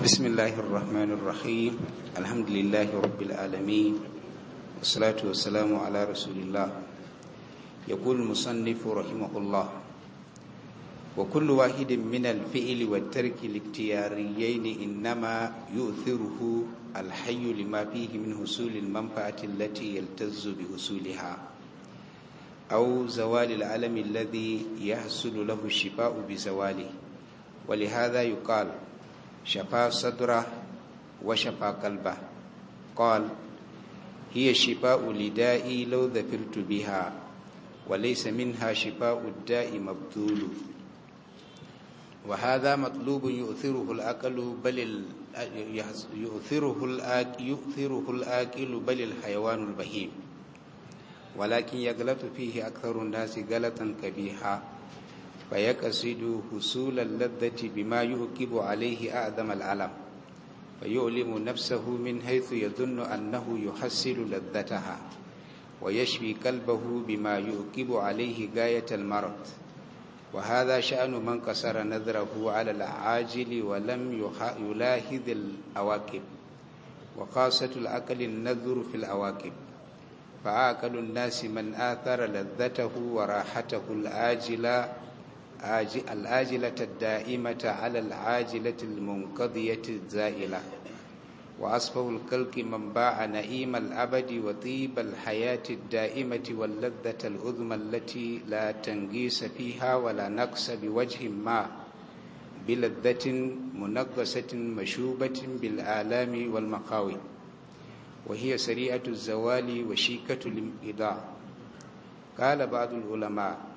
بسم الله الرحمن الرحيم الحمد لله رب العالمين والصلاة والسلام على رسول الله يقول المصنف رحمه الله وكل واحد من الفعل والترك الاختياريين إنما يؤثره الحي لما فيه من حصول المنفعة التي يلتز بحصولها أو زوال العلم الذي يحصل له الشفاء بزواله ولهذا يقال شفا صدره وشفا قلبه قال هي شفاء لدائي لو ذفرت بها وليس منها شفاء الداء مبذول وهذا مطلوب يؤثره الأقل بل يؤثره الآكل يؤثره الآكل بل الحيوان البهيم ولكن يغلط فيه أكثر الناس غلطا كبيحا فيقصد حصول اللذة بما يوكب عليه أعظم الألم فيؤلم نفسه من حيث يظن أنه يحصل لذتها ويشفي قلبه بما يوكب عليه غاية المرض وهذا شأن من قصر نظره على العاجل ولم يلاحظ الأواكب وخاصة العقل النذر في الأواكب فعاقل الناس من آثر لذته وراحته العاجلة al’ajilat da’imata alal ajilatul munkadiyatul za’ila wa asfawul kalki man ba a na’imal abadi wa tibal hayatul da’imati walladdatal uzman lati latangi safi hawala naqsa bi wajhin ma biladdatin munaggasatin mashubatin bil’alami wal makawai wa hiya sari'atul zawali wa shikatul ida ƙala ba'adul ulama'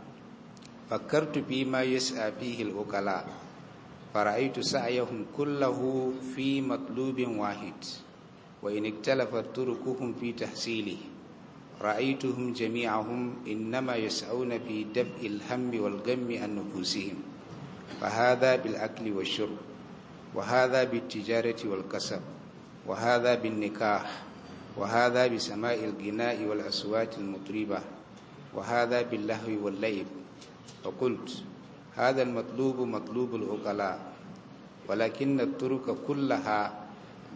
fakkartu fi ma yus'a fihi al-uqala fara'aytu sa'yahum kullahu fi matlubin wahid wa in iktalafat turukuhum fi tahsili ra'aytuhum jami'ahum innama yas'una fi dab'il hammi wal gammi an nufusihim fa hadha bil akli wash-shurb wa hadha bit tijarati wal kasab wa hadha bin nikah وهذا بسماء الغناء والأصوات المطربة وهذا wal واللعب فقلت هذا المطلوب مطلوب العقلاء ولكن الطرق كلها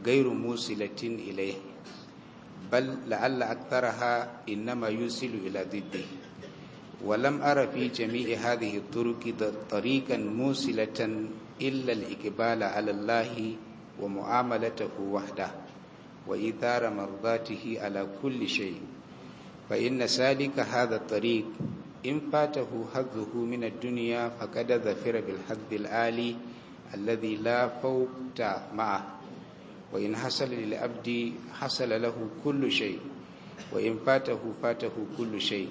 غير موصلة إليه بل لعل أكثرها إنما يوصل إلى ضده ولم أرى في جميع هذه الطرق طريقا موصلة إلا الإقبال على الله ومعاملته وحده وإثار مرضاته على كل شيء فإن سالك هذا الطريق in fatahu hazzuhu min ad-dunya faqad zafira bil hazzil ali alladhi la fawta ma'a wa in hasala lil abdi hasala lahu kullu shay wa in fatahu fatahu kullu shay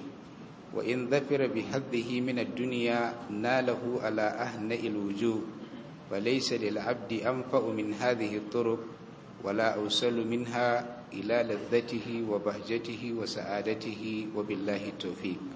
wa in zafira bi hazzihi min ad-dunya nalahu ala ahna'il wujuh wa laysa lil abdi anfa'u min hadhihi at-turuq wala awsalu minha ila ladzatihi wa bahjatihi wa sa'adatihi wa billahi tawfiq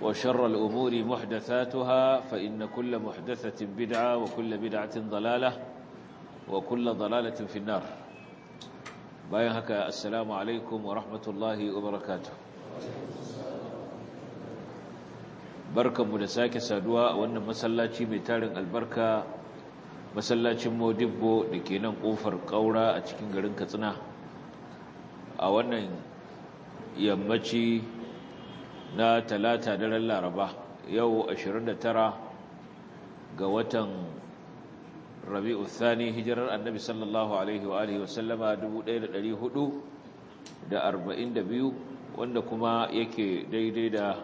وشر الأمور محدثاتها فإن كل محدثة بدعة وكل بدعة ضلالة وكل ضلالة في النار باين هكا السلام عليكم ورحمة الله وبركاته بركة مدساك سادوا وأن مسلاتي متارن البركة مسلاتي مودبو لكينا قوفر قورا أتكين غرن كتنا أولا يمتي na talata daren laraba yau 29 ga watan rabi'u thani hijirar annabi sallallahu alaihi wa alihi wasallama 1442 wanda kuma yake daidai da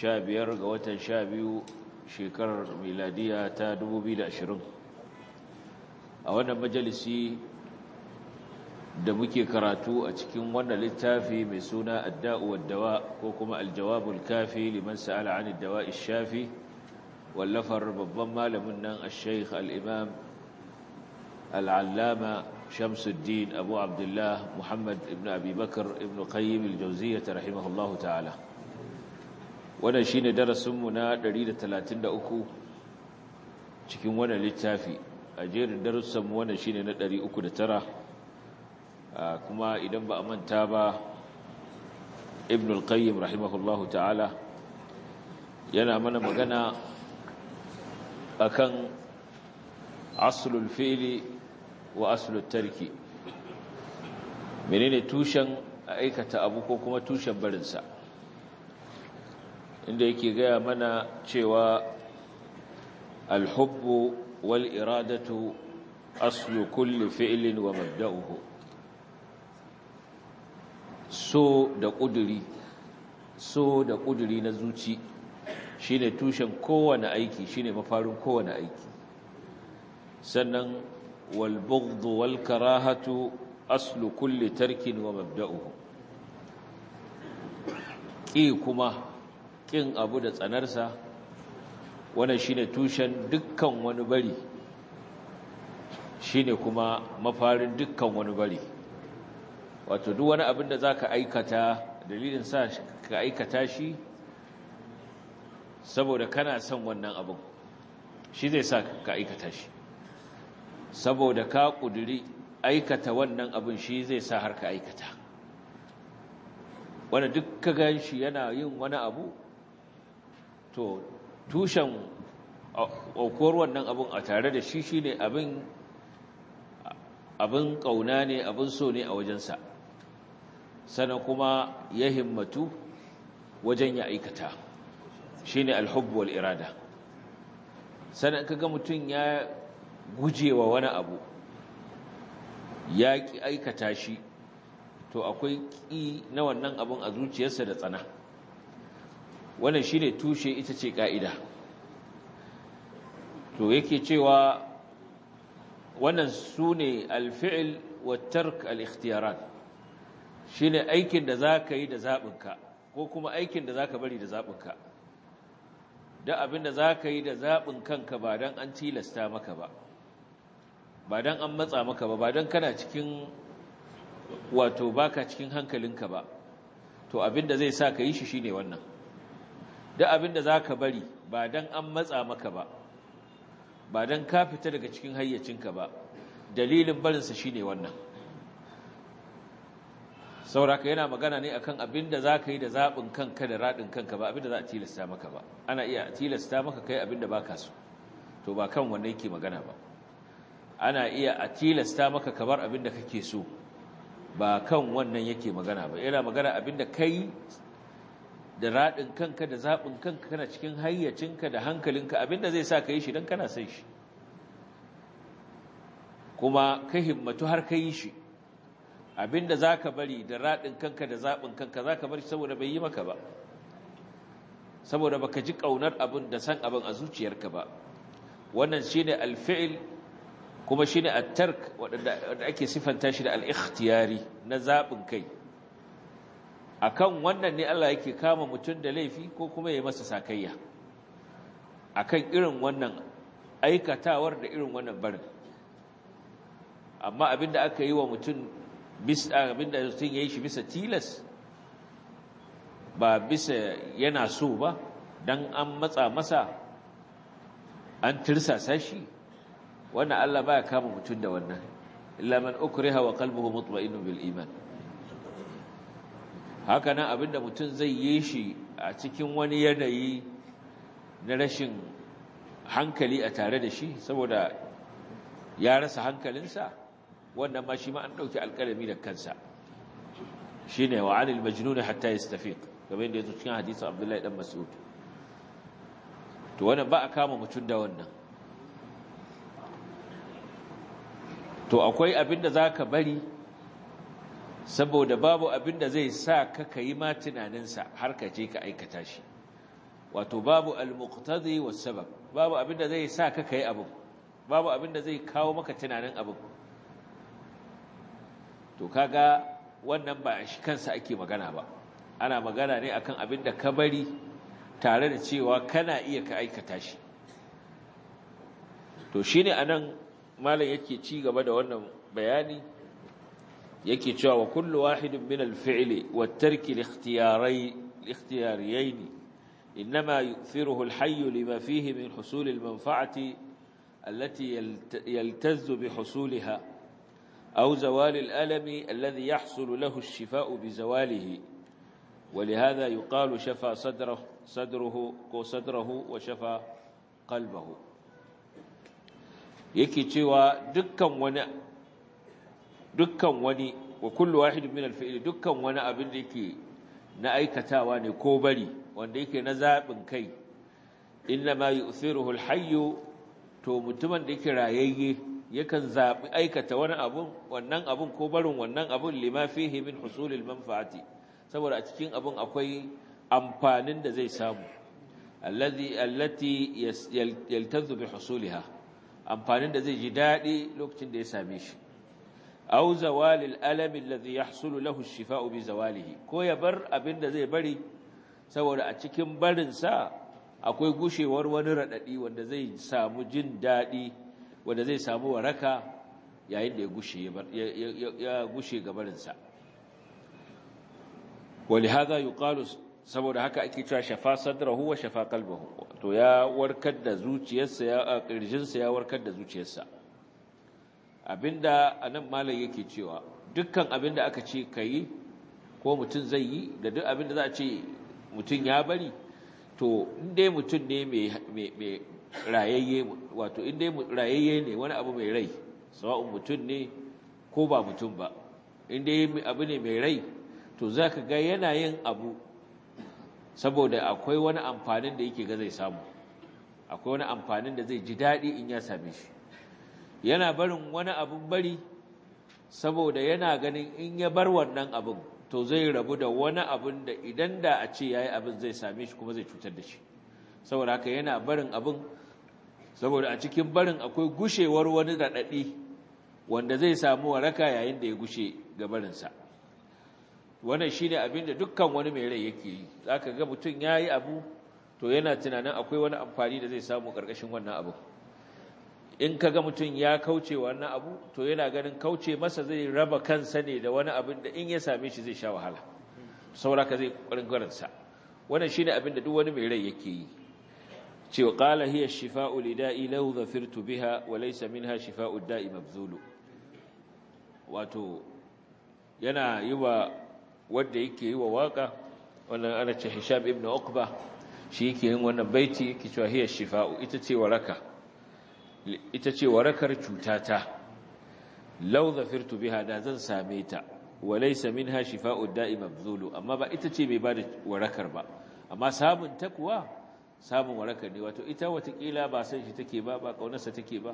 15 ga watan 12 shekarar miladiya ta 2020 a wannan majalisi da muke karatu a cikin wannan littafi mai suna adda'u waddawa ko kuma aljawabul kafi liman sa'ala shafi wallafar babban malamin nan ash-shaykh al-imam al-allama Shamsuddin Abu Abdullah Muhammad ibn Abi Bakr ibn Qayyim al-Jawziyyah rahimahullahu ta'ala wannan shine darasin mu na 133 cikin wannan littafi a jerin darussan mu wannan shine na 309 Ah, kuma idan ba a manta ba ibn al-qayyim rahimahullahu ta'ala yana mana magana akan aslul fi'li wa aslul tarki menene tushen aikata abu ko kuma tushen barinsa inda yake gaya mana cewa alhubbu wal iradatu aslu kulli fi'lin wa mabda'uhu so da ƙuduri so da ƙuduri na zuci shine tushen kowane aiki shine mafarin kowane aiki sannan walbogdo bughd wal aslu tarkin wa mabda'u ƙi kuma ƙin abu da tsanarsa wannan shine tushen dukkan wani bari shine kuma mafarin dukkan wani bari wato duk wani abin da za ka aikata dalilin sa ka aikata shi saboda kana son wannan abin shi zai sa ka aikata shi saboda ka ƙuduri aikata wannan abin shi zai sa har ka aikata wanda duk ka gan shi yana yin wani abu to tushen aukuwar wannan abin a tare da shi shi ne abin abin ƙauna ne abin so ne a wajensa sannan kuma ya himmatu wajen ya aikata shine alhubbu irada sannan kaga mutum ya gujewa wani abu ya ƙi aikata shi to akwai ƙi na wannan abun a zuciyarsa da tsana wannan shine tushe ita ce ƙa'ida. to yake cewa wannan su ne alfi'il wa tark al-ikhtiyarat ne aikin da za ka yi da zaɓinka ko kuma aikin da za ka bari da zaɓinka da abin da ka yi da zaɓin kanka ba don an tilasta maka ba ba don an matsa maka ba ba don kana cikin wato baka cikin hankalinka ba to abin da zai sa ka yi shi shi ne wannan da abin da ka bari ba don an matsa maka ba ba don ka fita daga cikin hayyacinka ba dalilin barinsa shi ne wannan sauraka yana magana ne akan abin da za ka yi da zaɓin kanka da raɗin kanka ba abin da za a tilasta maka ba ana iya tilasta maka kai abin da ba ka so to ba kan wanda yake magana ba ana iya a tilasta maka kamar abin da kake so ba kan wannan yake magana ba yana magana abin da kai da raɗin kanka da zaɓin kanka kana cikin hayyacinka da hankalinka abin da zai sa ka yi shi don kana son shi kuma ka himmatu har ka yi shi abinda za ka bari da raɗin kanka da zaɓin kanka za ka bari saboda bai yi maka ba saboda baka ji ƙaunar abin da san abin a zuciyarka ba wannan shi ne alfi'il kuma shi ne At-Tark wadda ake siffanta shi da al'ikhtiyari na zaɓin kai a kan wannan ne Allah yake kama mutum da laifi ko kuma ya masa sakayya a kan irin wannan aikatawar da irin wannan barin amma abin da aka yi wa mutum bisa abinda mutum ya yi shi bisa tilas ba bisa yana so ba don an matsa masa an tirsasa shi wannan Allah ba ya kama mutum da wannan illa uku riha wa qalbuhu mutma'innun bil biliman. haka nan abinda mutum zai yi shi a cikin wani yanayi na rashin hankali a tare da shi saboda ya rasa hankalinsa wannan ma shi ma an ɗauki alƙalami da kansa shi ne wa anil majnun hatta yastafiq kamar yadda yazo cikin hadisin Abdullahi ɗan Mas'ud to wannan ba a kama mutum da wannan to akwai abinda za ka bari saboda babu abinda zai sa ka yi ma tunaninsa har ka je ka aikata shi wato babu al-muqtadi was sabab babu abinda zai sa ka yi abu babu abinda zai kawo maka tunanin abu to kaga wannan ba shi kansa ake magana ba ana magana ne akan abin da ka bari tare da cewa kana iya ka aikata shi to shine anan malam yake ci gaba da wannan bayani yake cewa wa kullu wahidin min al wa tarki li-ikhtiyarai li-ikhtiyariyayn inma yu'thiruhu al-hayy lima fihi min husul al-manfa'ati allati bi أو زوال الألم الذي يحصل له الشفاء بزواله ولهذا يقال شفى صدره صدره صدره وشفى قلبه yake cewa dukkan wani dukkan wani wa kullu wahid min al dukkan wani abin da yake na aikatawa ne ko bari wanda yake na zabin kai inna ma yu'thiruhu al to mutumin da yake rayayye yakan zaɓi aikata wani abun wannan abun ko barin wannan abun limafihi min husulil manfaati saboda a cikin abun akwai amfanin da zai samu allazi allati yaltazu bi husuliha amfanin da zai ji daɗi lokacin da ya same shi aw zawalil alami allazi yahsulu lahu ash-shifa'u bi zawalihi ko ya bar abin da zai bari saboda a cikin barin sa akwai gushewar wani raɗaɗi wanda zai samu jin daɗi wanda zai samu waraka yayin da ya gushe gabarinsa wani haza yi saboda haka ake cewa shafa sadrahu wa shafa kalbahu to ya warkar da zuciyarsa ya ƙirjinsa ya warkar da zuciyarsa abinda anan malam yake cewa dukkan abinda aka ce ka yi ko mutum zai yi da duk abinda za a ce mutum ya bari to dai mutum ne rayayye wato in dai rayayye ne wani abu mai rai sawa'un mutum ne ko ba mutum ba in dai abu ne mai rai to za ka ga yana yin abu saboda akwai wani amfanin da yake ga zai samu akwai wani amfanin da zai ji daɗi in ya same shi yana barin wani abun bari saboda yana ganin in ya bar wannan abin to zai rabu da wani abin da idan da a ce ya yi abin zai same shi kuma zai cutar da shi saboda haka yana barin abin saboda a cikin barin akwai gushewar wani raɗaɗi wanda zai samu waraka yayin da ya gushe ga barinsa wannan shi ne abin da dukkan wani mai rai yake yi za ka ga mutum ya yi abu to yana tunanin akwai wani amfani da zai samu ƙarƙashin wannan abu in ka ga mutum ya kauce wannan abu to yana ganin kauce masa zai raba kansa ne da wani abin da in ya same shi zai sha wahala saura ka zai ƙwarin wannan shi ne abin da duk wani mai rai yake yi cewa qala hiya shifa'u lida'i law dhafirtu biha wa laysa minha shifa'u da'i mabzulu wato yana yi wa wanda yake yi wa waka wannan ana ce Hisham ibn Uqba shi yake yin wannan baiti yake cewa hiya shifa'u ita ce waraka ita ce warakar cutata law dhafirtu biha da zan same ta wa laysa minha shifa'u da'i mabzulu amma ba ita ce bai bada warakar ba amma samun ta kuwa? samun warakar ne wato ita watakila ba san shi take ba ba kaunarsa take ba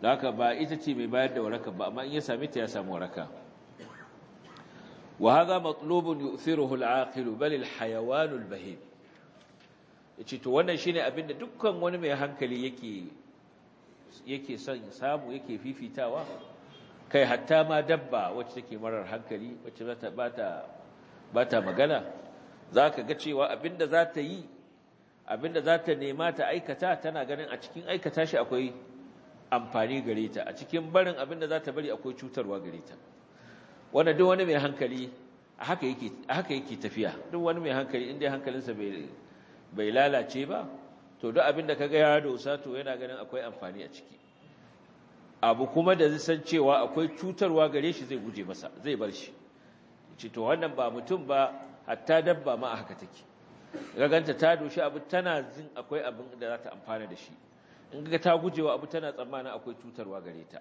da haka ba ita ce mai bayar da waraka ba amma in ya sami ta ya samu waraka wahaza hadha matlubun yu'thiruhu al-aqil bal al-hayawan al-bahim yace to wannan shine abinda dukkan wani mai hankali yake son samu yake fifitawa kai hatta ma dabba wacce take marar hankali wacce bata bata bata magana zaka ga cewa abinda za ta yi abinda za ta nema ta aikata tana ganin a cikin aikata shi akwai amfani gare ta a cikin barin abinda za ta bari akwai cutarwa gare ta wannan duk wani mai hankali a haka yake a tafiya duk wani mai hankali inda hankalinsa bai lalace ba to duk abinda kaga gaya dosa to yana ganin akwai amfani a ciki abu kuma da san cewa akwai cutarwa gare shi zai guje masa zai bar shi ce to wannan ba mutum ba hatta dabba ma a haka take raganta ta doshi abu tana zin akwai abin da za ta amfana da shi in ga ta gujewa abu tana tsammana akwai cutarwa gare ta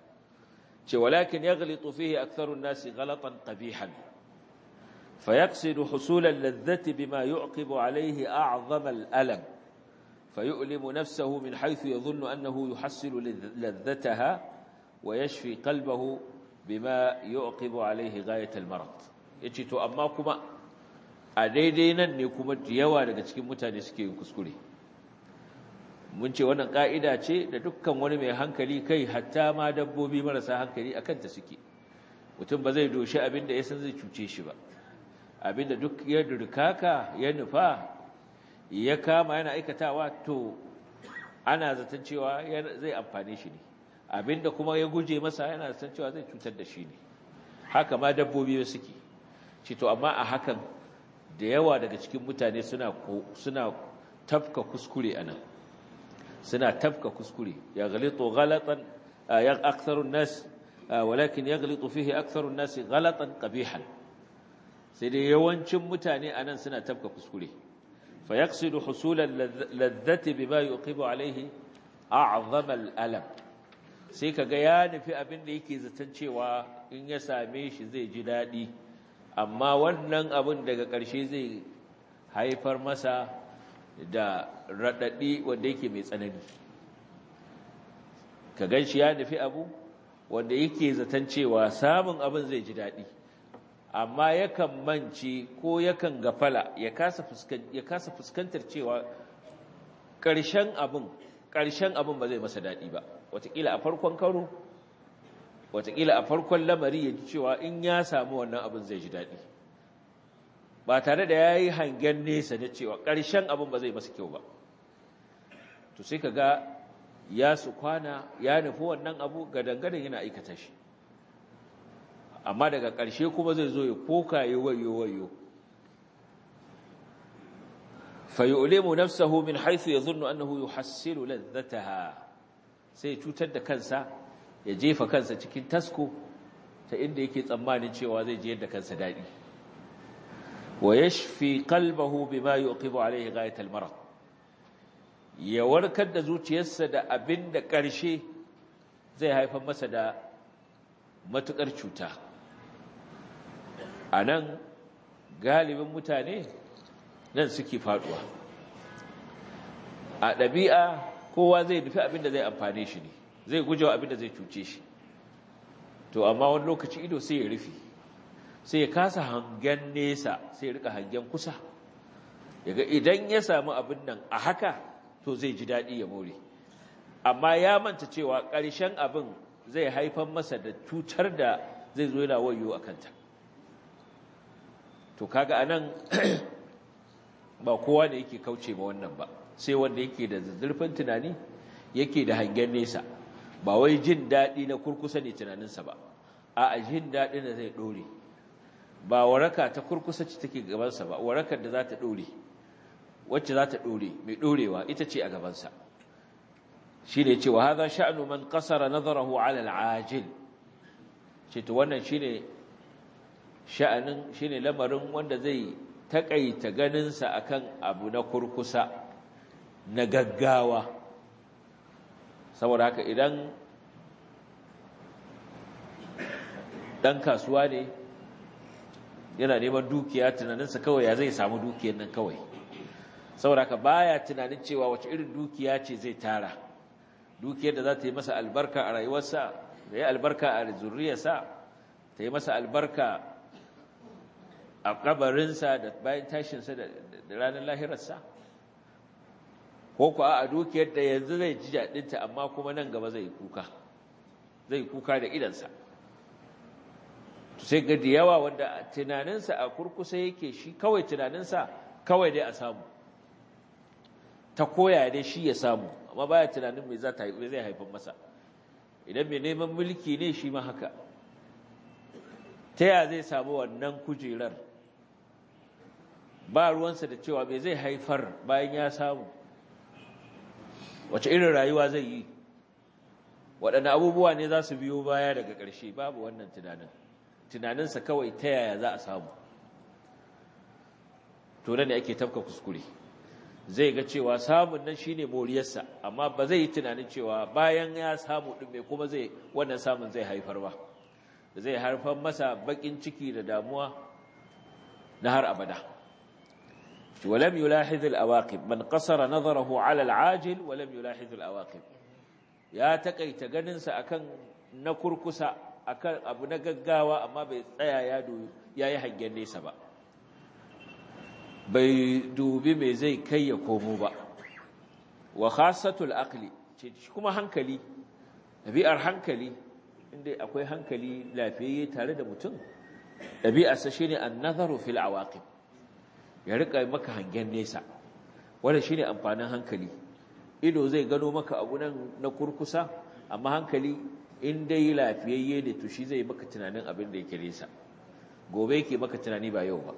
ce walakin ya galito fiye a tsarun nasi galatan tabihan fayaksidu husulan lazzati bima yuqibu alaihi a azamal alam fayu'limu nafsahu min haithu ya zunnu annahu yuhassilu lazzataha wa yashfi kalbahu bima yuqibu alaihi gayatal marad yace to amma kuma a daidai nan ne kuma da yawa daga cikin mutane suke yin kuskure mun ce wannan ka'ida ce da dukkan wani mai hankali kai hatta ma dabbobi marasa hankali a kanta suke mutum ba zai doshi abin da ya san zai cuce shi ba abin da duk ya durkaka ya nufa ya kama yana aikatawa to ana zaton cewa zai amfane shi ne abin da kuma ya guje masa yana zaton cewa zai cutar da shi ne haka ma dabbobi suke ce to amma a hakan da yawa daga cikin mutane suna suna tafka kuskure anan suna tafka kuskure ya ghalitu ghalatan ya aktharun nas walakin yaghlitu fihi aktharun nas ghalatan qabihan sai dai yawancin mutane anan suna tafka kuskure fa yaqsidu husul al-ladhati bima yuqibu alayhi a'zam al-alam sai ka kaga ya nufi abin da yake zaton cewa in ya same shi zai ji daɗi. amma wannan abin daga ƙarshe zai haifar masa da raɗaɗi wanda yake mai tsanani ka gan shi ya nufi abu wanda yake zaton cewa samun abin zai ji daɗi amma yakan manci ko yakan gafala ya kasa fuskantar cewa ƙarshen abin ƙarshen abin ba zai masa daɗi ba wataƙila a farkon karo wataƙila a farkon lamari ya ji cewa in ya samu wannan abin zai ji daɗi ba tare da ya yi hangen nesa na cewa ƙarshen abin ba zai masu kyau ba to sai ka ga ya su kwana ya nufi wannan abu ga yana aikata shi amma daga ƙarshe kuma zai zo ya koka ya wayo wayo fayulimu nafsahu min ya zurnu annahu yuhassilu ladhataha sai cutar da kansa ya jefa kansa cikin tasko ta inda yake tsammanin cewa zai je yadda kansa daɗi wa yashfi qalbahu bima yuqibu alayhi ghayat al ya warkar da zuciyarsa da abin da ƙarshe zai haifar masa da matuƙar cuta a nan galibin mutane nan suke faɗuwa. a ɗabi'a kowa zai nufi abin da zai amfane shi ne zai gujewa abin da zai cuce shi to amma wani lokaci ido sai ya rufe sai ya kasa hangen nesa sai ya rika hangen kusa yaga idan ya samu abin nan a haka to zai ji daɗi ya more amma ya manta cewa ƙarshen abin zai haifar masa da cutar da zai zo yana wayo a kanta to kaga anan ba kowa ne yake kauce ba wannan ba sai wanda yake da zurfin tunani yake da hangen nesa ba wai jin daɗi na kurkusa ne tunaninsa ba a jin daɗi da zai ɗore ba waraka ta kurkusa ce take gabansa ba warakar da za ta ɗore wacce za ta ɗore mai ɗorewa ita ce a gabansa shi ne cewa haza sha'anu man ƙasara nazarahu alal ajil ce to wannan shi ne sha'anin shi ne lamarin wanda zai taƙaita ganinsa akan abu na kurkusa na gaggawa saboda haka idan dan kasuwa ne yana neman dukiya tunaninsa kawai ya zai samu dukiyar nan kawai saboda haka baya tunanin cewa wace irin dukiya ce zai tara dukiyar da za ta yi masa albarka a rayuwarsa da ya albarka a zurriyarsa ta yi masa albarka a kabarinsa da bayan tashinsa da ranar lahirarsa ko ku a dukiyar da yanzu zai ji daɗinta amma kuma nan gaba zai kuka zai kuka da idansa sai ga da yawa wanda tunaninsa a kurkusa yake shi kawai tunaninsa kawai dai a samu ta koya dai shi ya samu amma baya tunanin me zai haifar masa idan mai neman mulki ne shi ma haka ta zai samu wannan kujerar ba ruwansa da cewa mai zai haifar bayan ya samu wace irin rayuwa zai yi waɗanne abubuwa ne za su biyo baya daga ƙarshe babu wannan tunanin tunaninsa kawai ta yaya za a samu to ne ake tafka kuskure zai ga cewa samun nan shine moriyarsa amma ba zai yi tunanin cewa bayan ya samu ɗin mai kuma zai wannan samun zai haifar ba zai haifar masa baƙin ciki da damuwa na har abada ولم يلاحظ الأواقب من قصر نظره على العاجل ولم يلاحظ الأواقب يا تقيت غننس أكن نكركس أكن أبو نغغاوة أما بيتايا يا دو يا يحجن nesa ba. bai dubi mai zai kai ya komo ba wa khasatul aqli kuma hankali ɗabi'ar hankali inda akwai hankali lafiyayye tare da mutum ɗabi'arsa shine an-nazaru fil awaqib ya rika maka hangen nesa wanda shine amfanin hankali ido zai gano maka abu nan na kurkusa amma hankali in dai lafiyayye da to zai maka tunanin abin da yake nesa gobe yake maka tunani ba yau ba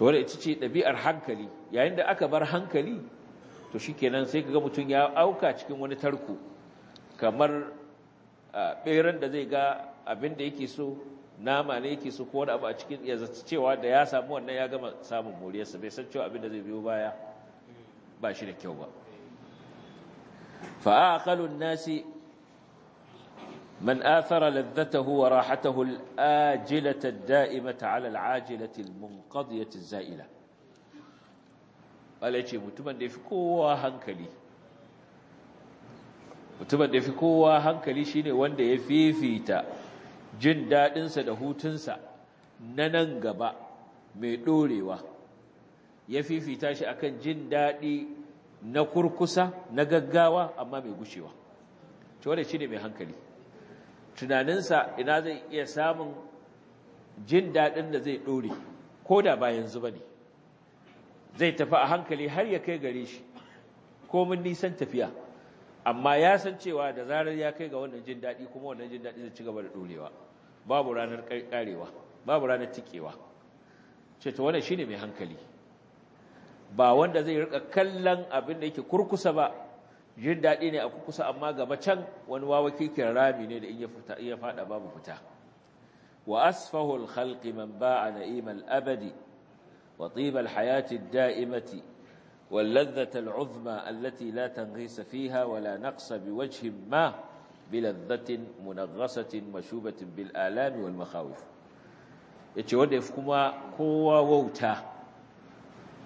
to wanda ita ce ɗabi'ar hankali yayin da aka bar hankali to shi kenan sai ka ga mutum ya auka cikin wani tarko kamar ah, ɓeran da zai ga abin da yake so nama ne yake so ko wani abu a cikin ya zata cewa da ya samu wannan ya gama samun moriyarsa bai san cewa abin da zai biyo baya ba shi da kyau ba fa aqalun nasi man athara ladzatahu wa rahatahu al-ajilata ad-da'imata 'ala al-'ajilati al-munqadiyati az-za'ila bale ce mutumin da ya fi kowa hankali mutumin da ya fi kowa hankali shine wanda ya fifita jin daɗinsa da hutunsa na nan gaba mai ɗorewa ya fifita shi akan jin daɗi na kurkusa na gaggawa amma mai gushewa ta wadda shi ne mai hankali tunaninsa ina zai iya samun jin daɗin da zai ɗore ko da ba yanzu ba ne zai tafi a hankali har ya kai gare shi komin nisan tafiya amma ya san cewa da zarar ya kai ga wannan jin daɗi kuma wannan jin daɗi zai ci gaba da ɗorewa babu ranar ƙarewa babu ranar tikewa ce ta wannan shine mai hankali ba wanda zai rika kallon abin da yake kurkusa ba jin daɗi ne a kurkusa amma gaba can wani wawa kikin rami ne da in ya faɗa fada babu fita wa asfahul khalqi man ba'a na'imal abadi wa tibal hayati da'imati واللذة العظمى التي لا تنغيس فيها ولا نقص بوجه ما بلذة منغصة مشوبة بالآلام والمخاوف يتشود يفكما كوا ووتا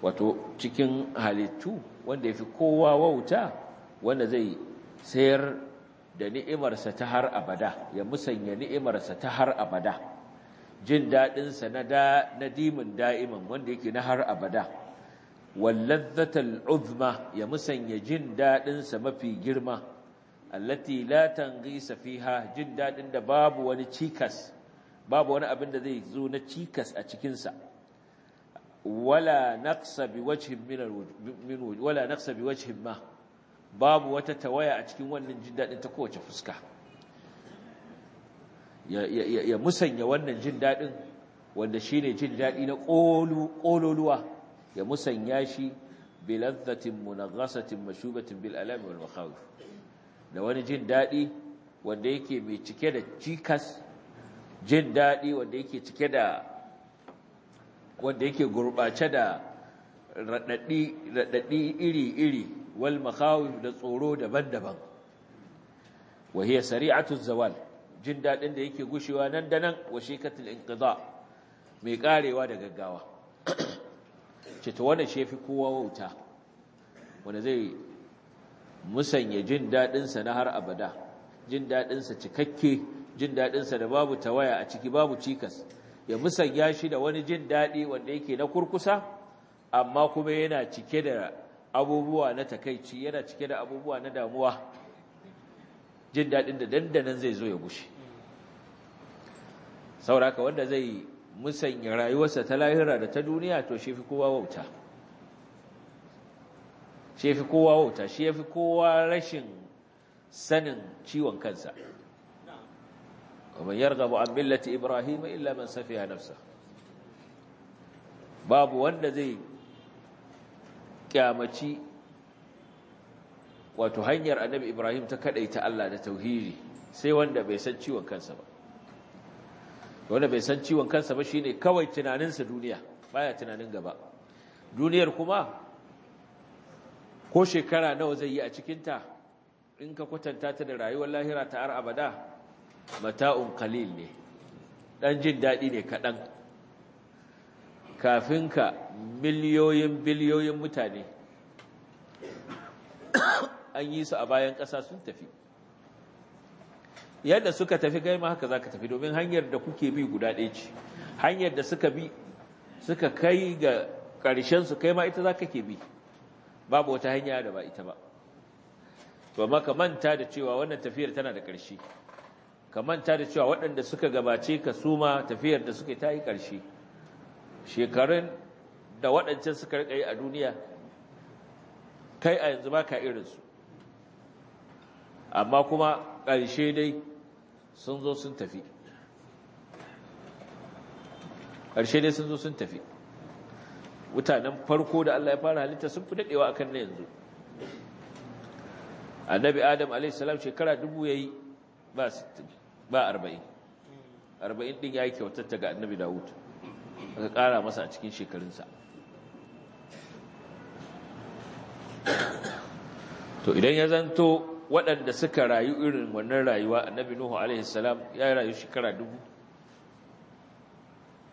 wato cikin halittu wanda ya fi kowa wauta wanda zai sayar da ni'imarsa ta har abada ya musanya ni'imarsa ta har abada jin daɗinsa na dimin da'iman wanda yake na har abada wallazzatal uzma ya musanya jin daɗinsa mafi girma allati la tanghisa fiha jin daɗin da babu wani cikas babu wani abin da zai zo na cikas a cikinsa wala naqsa bi biwajhin min wala naqsa bi biwajhin ma babu wata tawaya a cikin wannan jin daɗin ta kowace fuska ya musanya wannan jin daɗin wanda shine jin daɗi na ƙololuwa ya musanya shi bi munagasatin munaghasatin mashubatin bil alami wal makhawif da wani jin dadi wanda yake mai cike da cikas jin dadi wanda yake cike da wanda yake gurbace da radadi radadi iri iri wal makhawif da tsoro daban-daban wa hiya sari'atu zawal jin dadin da yake gushewa nan da nan wa shikatul inqida mai karewa da gaggawa ce to wanda shi fi kowa wauta wanda zai musanya jin daɗinsa na har abada jin daɗinsa cikakke jin daɗinsa da babu tawaya a ciki babu cikas ya musanya shi da wani jin daɗi wanda yake na kurkusa amma kuma yana cike da abubuwa na takaici yana cike da abubuwa na damuwa jin dadin da dandanan zai zo ya gushe sauraka wanda zai musanya rayuwarsa ta lahira da ta duniya to shi fi kowa wauta shi fi kowa wauta shi fi kowa rashin sanin ciwon kansa ومن يرغب an ملة Ibrahim إلا من سفيها نفسه babu wanda zai kyamaci wato hanyar annabi Ibrahim ta kadaita Allah da tauhidi sai wanda bai san ciwon kansa ba wanda bai san ciwon kansa ba shine kawai tunaninsa duniya baya tunanin gaba duniyar kuma ko shekara nawa zai yi a cikinta in ka kwatanta ta da rayuwar lahira ta har abada mata'un qalil ne dan jin daɗi ne kaɗan. kafin ka miliyoyin biliyoyin mutane an yi su a bayan ƙasa sun tafi yadda suka tafi gai ma haka zaka tafi domin hanyar da kuke bi guda ɗaya ce hanyar da suka bi suka kai ga ƙarshen su kai ma ita zaka ke bi babu wata hanya da ba ita ba to amma manta da cewa wannan tafiyar tana da ƙarshe ka manta da cewa waɗanda suka gabace ka suma tafiyar da suka ta yi ƙarshe shekarun da waɗancan suka riƙa yi a duniya kai a yanzu ba irin su. amma kuma ƙarshe dai sun zo sun tafi ƙarshe ne sun zo sun tafi mutanen farko da Allah ya fara halitta sun fi daɗewa akan na yanzu annabi adam alaihissalam shekara dubu ya yi ba arba'in arba'in ɗin ya yi kyautatta ga annabi dawud aka ƙara masa a cikin shekarunsa to idan ya zanto waɗanda suka rayu irin wannan rayuwa annabi nuhu alaihi salam ya rayu shekara dubu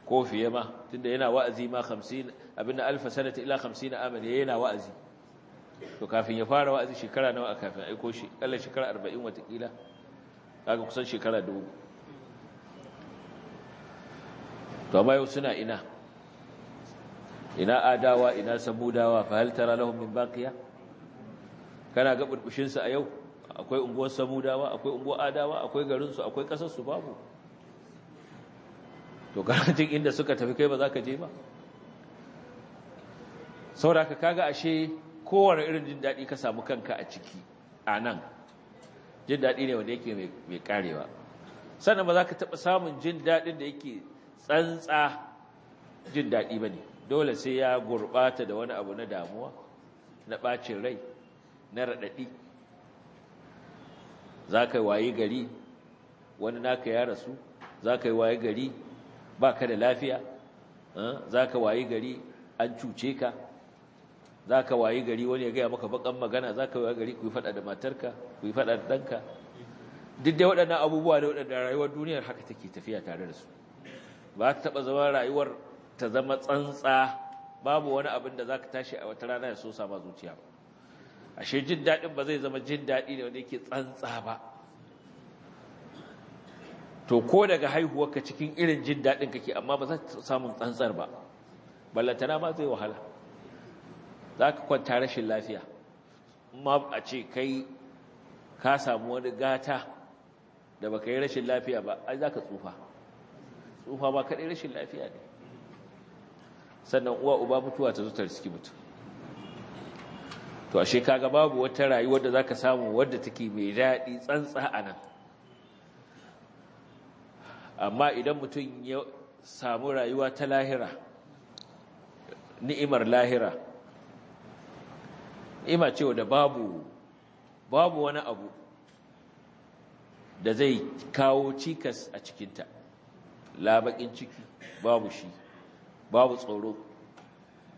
ko fiye ma tunda yana wa'azi ma 50 abinda alfa sanata ila 50 amal yana wa'azi to kafin ya fara wa'azi shekara nawa kafin aiko shi kalla shekara 40 watakila kaga kusan shekara dubu to amma yau suna ina ina adawa ina sabudawa, fa hal tara lahum min baqiya kana ga burbushin su a yau akwai unguwar samudawa akwai unguwar adawa akwai garinsu akwai ƙasarsu babu to garantin inda suka tafi kai ba za ka je ba sauraka ka kaga ashe kowane irin jin daɗi ka samu kanka a ciki a nan jin daɗi ne wanda yake mai karewa sannan ba za ka taɓa samun jin daɗin da yake tsantsa jin daɗi ba ne dole sai ya gurɓata da wani abu na damuwa na ɓacin rai na raɗaɗi za ka waye gari wani naka ya rasu za ka waye gari ba ka da lafiya eh, za ka waye gari an cuce ka za ka waye gari wani ya gaya maka bakan magana za ka waye gari ku yi faɗa da matarka ku yi faɗa da ɗanka duk dai waɗannan abubuwa da waɗanda rayuwar duniyar haka take tafiya tare da su ba ta taɓa zama rayuwar ta zama tsantsa babu wani abin da za ka tashi a wata rana ya so sama zuciya ba ashe jin daɗin ba zai zama jin daɗi ne wanda yake tsantsa ba to ko daga ka cikin irin jin daɗin kake amma ba za ta samun tsantsar ba ballantana ma zai wahala za ka kwanta rashin lafiya ma a ce kai ka samu wani gata da ba ka yi rashin lafiya ba ai za ka tsufa tsufa ba kaɗai rashin lafiya ne sannan uwa uba mutuwa ta zo ta riski to ashe ga babu wata rayuwar da za ka samu wadda take mai daɗi tsantsa a nan amma idan mutum ya samu rayuwa ta lahira ni'imar lahira ima ce da babu babu wani abu da zai kawo cikas a cikinta labakin ciki babu shi babu tsoro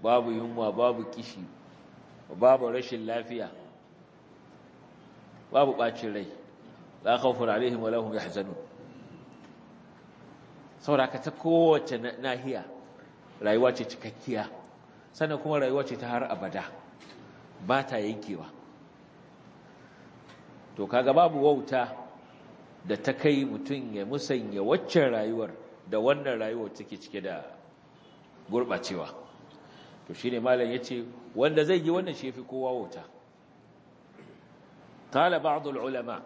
babu yunwa babu kishi babu rashin lafiya babu ɓacin rai la khawfun alaihim wala hum ya saboda ka ta kowace nahiya rayuwa ce cikakkiya sannan kuma rayuwa ce ta har abada ba ta yankewa to kaga babu wauta da ta kai mutum ya musanya waccan rayuwar da wannan rayuwar take cike da gurɓacewa to Mallam malam ce, wanda zai yi wannan shi yafi kowa wuta qala ba'd ulama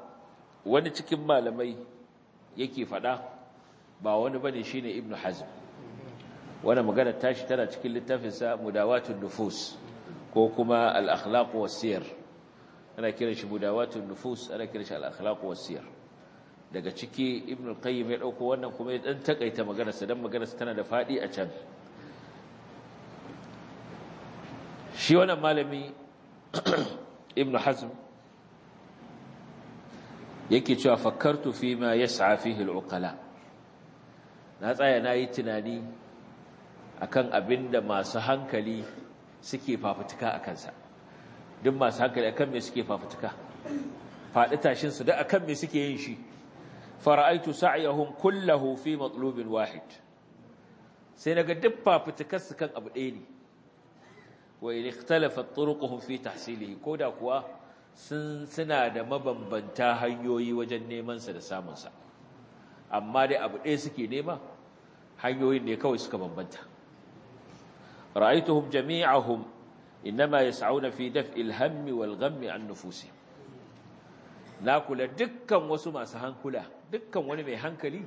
wani cikin malamai yake fada ba wani bane shine ibn hazm Wani magana tashi tana cikin littafinsa sa mudawatun nufus ko kuma al-akhlaq ana kiran shi mudawatun nufus ana kiran shi al-akhlaq daga ciki ibn al-qayyim ya dauko wannan kuma ya dan takaita maganarsa dan maganarsa tana da fadi a can shi wannan malami ibn hazm yake cewa fakkartu fi ma yas'a fihi al na tsaya na yi tunani akan abinda masu hankali suke fafutuka a kansa duk masu hankali akan me suke fafutuka faɗi tashin su akan me suke yin shi fara'aitu sa'yahum kullahu fi matlubin wahid sai naga duk fafutukar su kan abu ɗaya ne wa in ikhtalafat turuquhum fi tahsilihi koda kuwa sun suna da mabambanta hanyoyi wajen neman sa da samun sa amma dai abu ɗaya suke nema hanyoyin ne kawai suka bambanta ra'aytuhum jami'ahum innama yas'una fi daf'il hammi wal ghammi an nufusi na kula dukkan wasu masu hankula dukkan wani mai hankali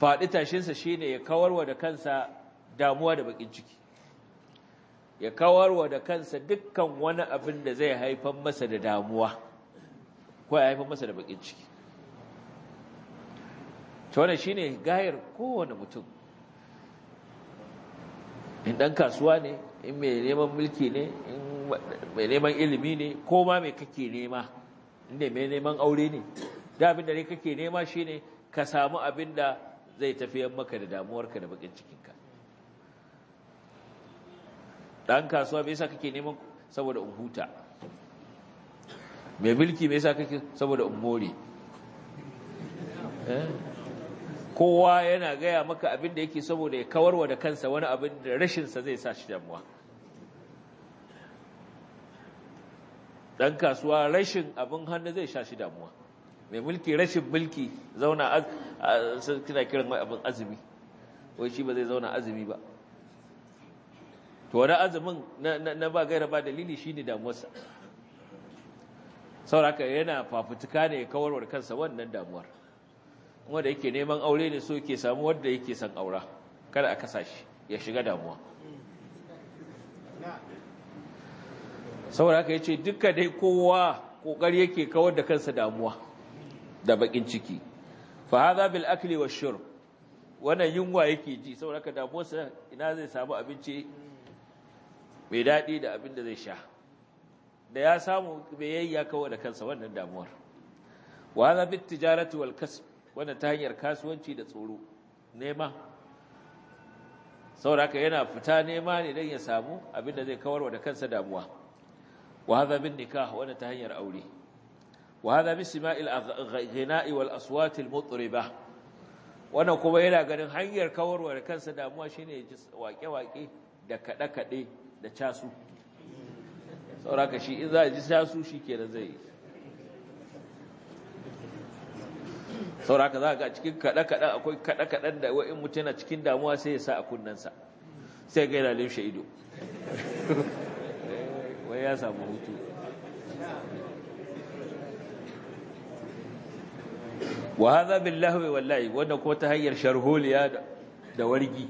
faɗi tashinsa shi ne ya kawarwa da kansa damuwa da bakin ciki ya kawarwa da kansa dukkan wani abin da zai haifar masa da damuwa ko ya haifar masa da bakin ciki ta shi ne gayar kowane mutum in ɗan kasuwa ne in mai neman mulki ne in mai neman ilimi ne ko ma mai kake nema inda mai neman aure ne da abin da ne kake nema shi ne, ka samu abin da zai tafiyar maka da damuwarka da bakin cikinka dan kasuwa me yasa kake neman saboda in huta mai mulki me yasa kake saboda in more eh? kowa yana gaya maka abin da yake saboda ya kawarwa da kansa wani abin da rashinsa zai sa shi damuwa Dan kasuwa rashin abin hannu zai sha shi damuwa mai mulki rashin mulki zauna kira kiran mai abin azumi wai shi ba zai zauna azumi ba to wani azumin na ba gaira ba dalili shi shine damuwarsa sauraka yana fafutuka ne kawarwar kansa wannan damuwar kuma yake neman aure ne so yake samu wanda yake san aura kada a kasa shi ya shiga damuwa sauraka ce duka dai kowa kokari yake kawar da kansa damuwa da bakin ciki fa bil akli wash shurb wannan yunwa yake ji sauraka damuwarsa ina zai samu abinci mai daɗi da abin da zai sha da ya samu mai yayya kawo da kansa wannan damuwar wa za bi tijaratu wal kasb wannan ta hanyar kasuwanci da tsoro nema saboda yana fita nema ne dan ya samu abin da zai kawar wa da kansa damuwa wa za bi nikah wannan ta hanyar aure wa za bi sima'il ghina'i wal aswat al mutriba wannan kuma yana ganin hanyar kawar wa da kansa damuwa shine ya wake waƙe-waƙe da kaɗe-kaɗe da casu sauraka shi in za a ji casu shi ke da zai yi sauraka za ga cikin kaɗe-kaɗe akwai kaɗe-kaɗen da wa'in mutum na cikin damuwa sai ya sa a kunnensa sai ga yana limshe ido wai ya samu hutu wa haza lahwe wallahi wadda ko ta hanyar sharholiya da wargi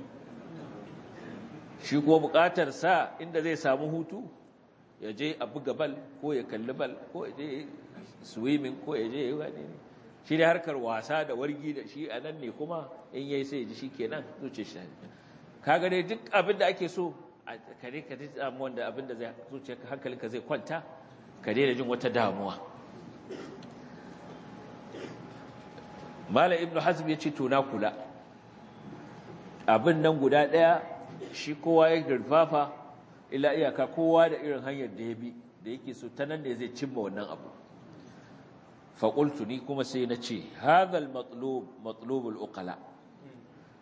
shi kuma bukatar sa inda zai samu hutu ya je a buga bal ko ya kalli bal ko ya je swimming ko ya je wani ne shi ne harkar wasa da wargi da shi a nan ne kuma in yai sai ya ji shikenan zuce shi kaga dai duk abin da ake so a kare ka duk damuwa da abin da zai zuciyarka hankalinka zai kwanta ka daina jin wata damuwa Malam ibnu Hazm ya ce to kula abin nan guda ɗaya shi kowa ya girfafa ila iyaka kowa da irin hanyar da ya bi da yake so ta nan ne zai cimma wannan abu faƙultu ni kuma sai na ce hagal matlub ukala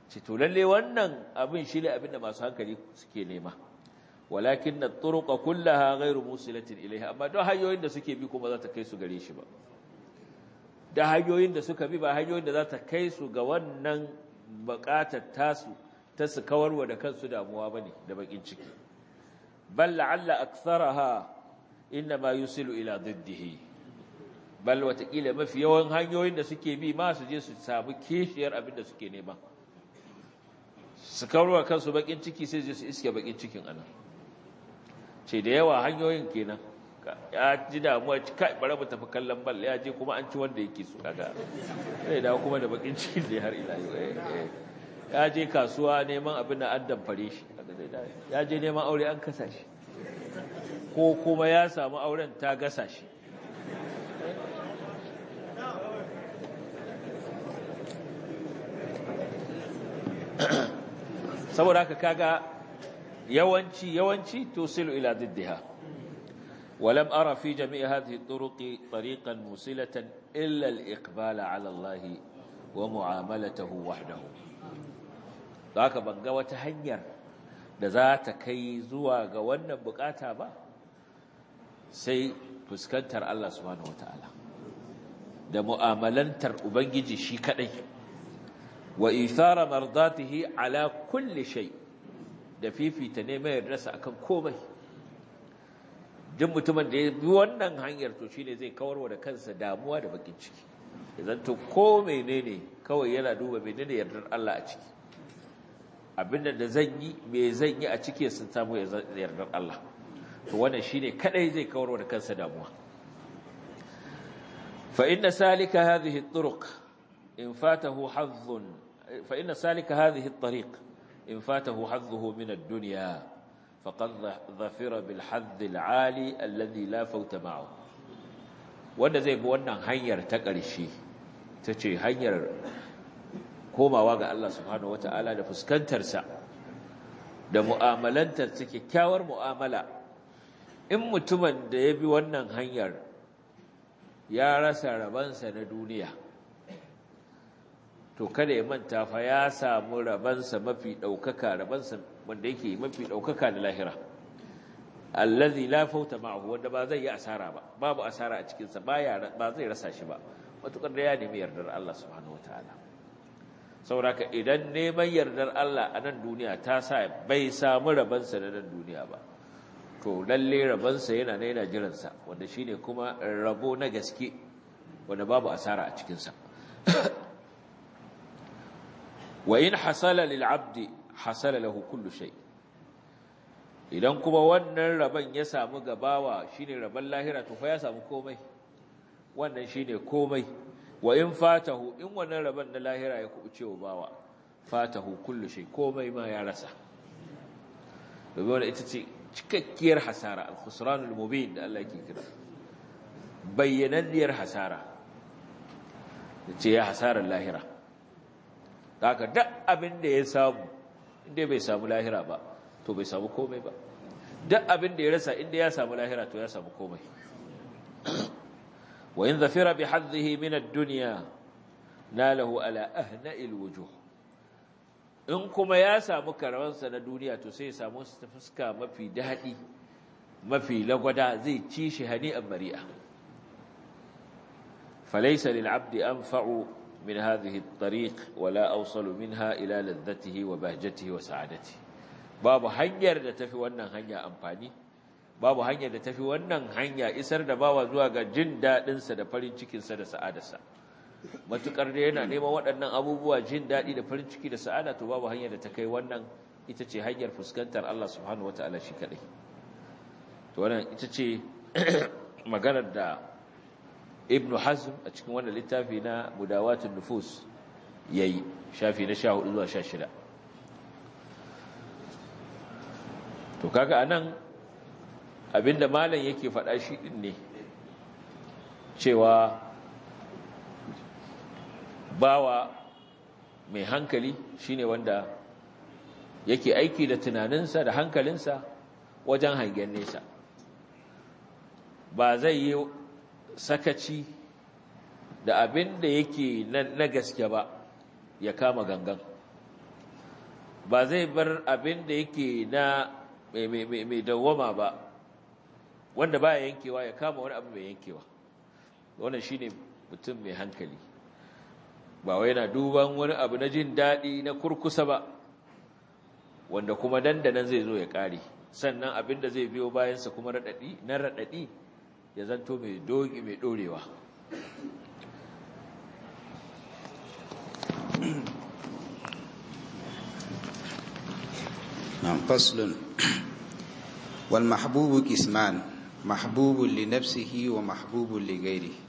Cito ce to wannan abin shi ne abin da masu hankali suke nema walakin na kulla kulla kullaha musu latin ilai. amma don hanyoyin da suke bi kuma za ta kai su gare shi ba da hanyoyin da suka bi ba hanyoyin da za ta kai su ga wannan buƙatar tasu ta su kawarwa da kansu damuwa ba ne da bakin ciki bal la'alla ha inda ma yusilu ila diddihi bal watakila mafi yawan hanyoyin da suke bi ma su je su samu kishiyar abin da suke nema su kawarwa kansu bakin ciki sai je su iske bakin cikin anan ce da yawa hanyoyin kenan ya ji damuwa ci kai bari mu tafi kallon bal ya je kuma an ci wanda yake so kaga sai da kuma da bakin ciki da har ila yau eh, eh. ya je kasuwa neman abin da an damfare shi ya je neman aure an kasa shi ko kuma ya samu auren ta gasa shi saboda haka kaga yawanci yawanci silu ila diddiha ولم أرى في جميع هذه الطرق طريقا موصلة إلا الإقبال على الله ومعاملته وحده don haka ban ga wata hanyar da za ta kai zuwa ga wannan bukata ba sai fuskantar Allah subhanahu wata'ala da mu'amalantar ubangiji shi kadai wa ithara mardatihi ala kulli shay da fifita ne mai rasa akan komai duk mutumin da ya bi wannan hanyar to shine zai kawar wa da kansa damuwa da bakin ciki idan to ko menene kawai yana duba menene yardar Allah a ciki abinda da zan yi me zan yi a cikin sun samu yardar Allah to wannan shine kadai zai kawar da kansa damuwa fa inna salika hadhihi at-turuq in fatahu hazzun fa inna salika hadhihi at-tariq in fatahu hazzuhu min ad-dunya faqad dhafira bil hadd al-ali alladhi la fawta ma'ahu wanda zai bi wannan hanyar ta ƙarshe tace hanyar komawa ga Allah subhanahu wata'ala da fuskantarsa da mu'amalantar ta kyakkyawar mu'amala in mutumin da ya bi wannan hanyar ya rasa rabansa na duniya to kada ya manta fa ya samu rabansa mafi ɗaukaka rabansa wanda yake mafi ɗaukaka na lahira allazi la fauta ma'ahu wanda ba zai yi asara ba babu asara a cikinsa ba zai rasa shi ba matukar da ya nemi yardar Allah subhanahu wataala ka idan neman yardar Allah a nan duniya ta sa bai samu rabansa na nan duniya ba to lalle rabansa yana na yana jiransa wanda shi ne kuma rabo na gaske wanda babu asara a cikinsa wa in hasala lil abdi hasala lahu kullu shay idan kuma wannan raban ya samu gabawa shine raban lahira to fa ya samu komai wannan shine komai wa in fatahu in wannan rabon na lahira ya ce wa bawa fatahu kullu shi komai ma ya rasa domin wani ita ce cikakkiyar hasara al-khusranul mubin da Allah ke kira bayyananniyar hasara da ce ya hasarar lahira haka duk abin da ya samu inda bai samu lahira ba to bai samu komai ba duk abin da ya rasa inda ya samu lahira to ya samu komai wa in zafira bi hadhihi min ad-dunya nalahu ala ahna'i al-wujuh in kuma ya samu karawansa na duniya to sai ya samu su fuska mafi daɗi mafi lagwada zai ci shi hani'an mari'a falaysa lil-'abdi anfa'u min hadhihi at-tariq wala awsalu minha ila ladhatihi wa bahjatihi wa sa'adatihi babu hanyar da tafi wannan hanyar amfani babu hanyar da tafi wannan hanya isar da bawa zuwa ga jin daɗinsa da farin cikinsa da sa'adarsa matuƙar da yana neman waɗannan abubuwa jin daɗi da farin ciki da sa'ada to babu hanyar da ta kai wannan ita ce hanyar fuskantar Allah subhanahu Ta'ala shi kaɗai to wannan ita ce maganar da ibnu hazm a cikin wannan littafi na mudawatun nufus yayi shafi na sha hudu zuwa sha shida to kaga nan. abinda malam yake faɗa shi ɗin ne cewa bawa mai hankali shine wanda yake aiki da tunaninsa da hankalinsa wajen hangen nesa ba zai yi sakaci da abin da yake na gaske ba ya kama gangan ba zai bar abin da yake na mai dawoma ba wanda baya yankewa ya kama wani abu mai yankewa wannan shine mutum mai hankali ba wai yana duban wani abu na jin daɗi na kurkusa ba wanda kuma dandanan zai zo ya ƙare sannan abin da zai biyo bayansa kuma raɗaɗi na raɗaɗi ya zanto mai doki mai ɗorewa فصل والمحبوب كسمان mahbubun li nafsihi wa mahbubun li ghairihi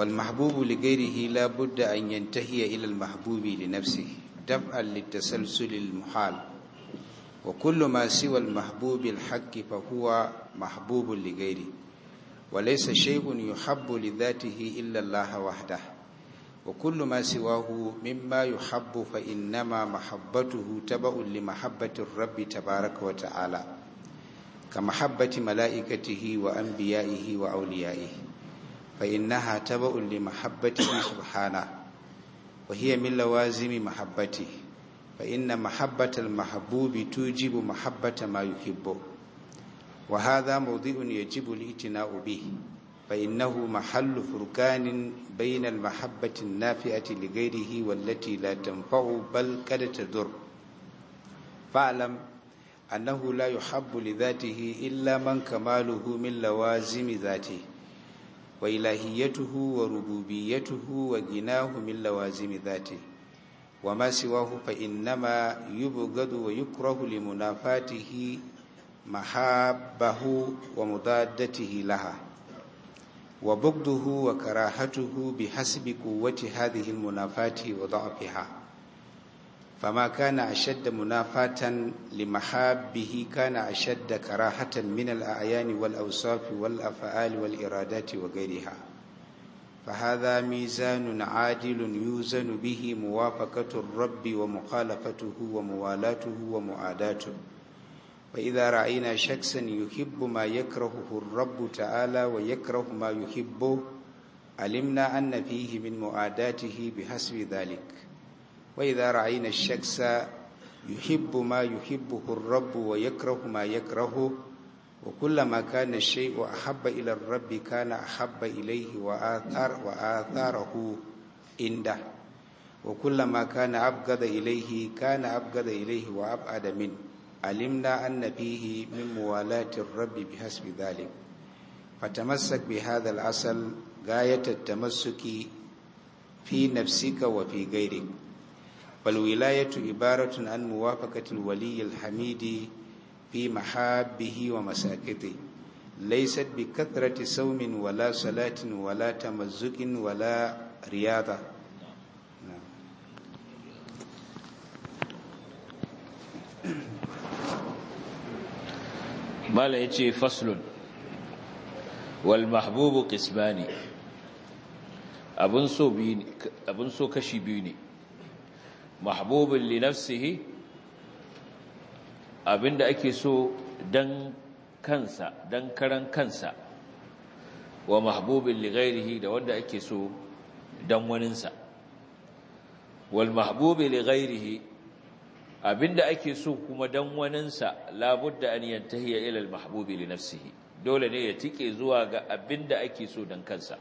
wal mahbubu li ghairihi la budda an yantahiya ila al mahbubi li nafsihi dab'an litasalsul al muhal wa ma siwa mahbubi al haqqi fa huwa mahbubun li ghairihi وليس شيء يحب لذاته إلا الله وحده وكل ما سواه مما يحب فإنما محبته تبع لمحبة الرب تبارك وتعالى كمحبة ملائكته وأنبيائه وأوليائه فإنها تبع لمحبته سبحانه وهي من لوازم محبته فإن محبة المحبوب توجب محبة ما يحبه وهذا موضع يجب الاعتناء به فإنه محل فرقان بين المحبة النافعة لغيره والتي لا تنفع بل قد تضر فاعلم annahu la yuhabbu li dhatihi illa man kamaluhu min lawazimi dhatihi wa ilahiyatuhu wa rububiyyatuhu wa ginahu min lawazimi dhatihi wa ma siwahu fa innama yubghadu wa yukrahu li munafatihi mahabbahu wa mudaddatihi laha wa bughduhu wa karahatuhu bihasbi quwwati hadhihi almunafati wa da'fiha فما كان أشد منافاة لمحابه كان أشد كراهة من الأعيان والأوصاف والأفعال والإرادات وغيرها فهذا ميزان عادل يوزن به موافقة الرب ومخالفته وموالاته ومعاداته فإذا رأينا شخصا يحب ما يكرهه الرب تعالى ويكره ما يحبه علمنا أن فيه من معاداته بحسب ذلك وإذا رأينا الشخص يحب ما يحبه الرب ويكره ما يكرهه وكلما كان الشيء أحب إلى الرب كان أحب إليه وآثار وآثاره عنده وكلما كان أبغض إليه كان أبغض إليه وأبعد منه علمنا أن فيه من موالاة الرب بحسب ذلك فتمسك بهذا الأصل غاية التمسك في نفسك وفي غيرك falwilayatu ibaratun an muwafaqatil waliyil hamidi fi mahabbihi wa masakiti laysat bi kathrati saumin wala salatin wala tamazzuqin wala riyada bala yace faslun wal mahbubu qismani abun so kashi biyu ne mahbubun li nafsihi abinda ake so dan kansa dan karan kansa wa mahbubin li ghairihi da wanda ake so dan waninsa wal mahbubi li ghairihi abinda ake so kuma dan waninsa labudda an yantahi ila al mahbubi li nafsihi dole ne ya tike zuwa ga abinda ake so dan kansa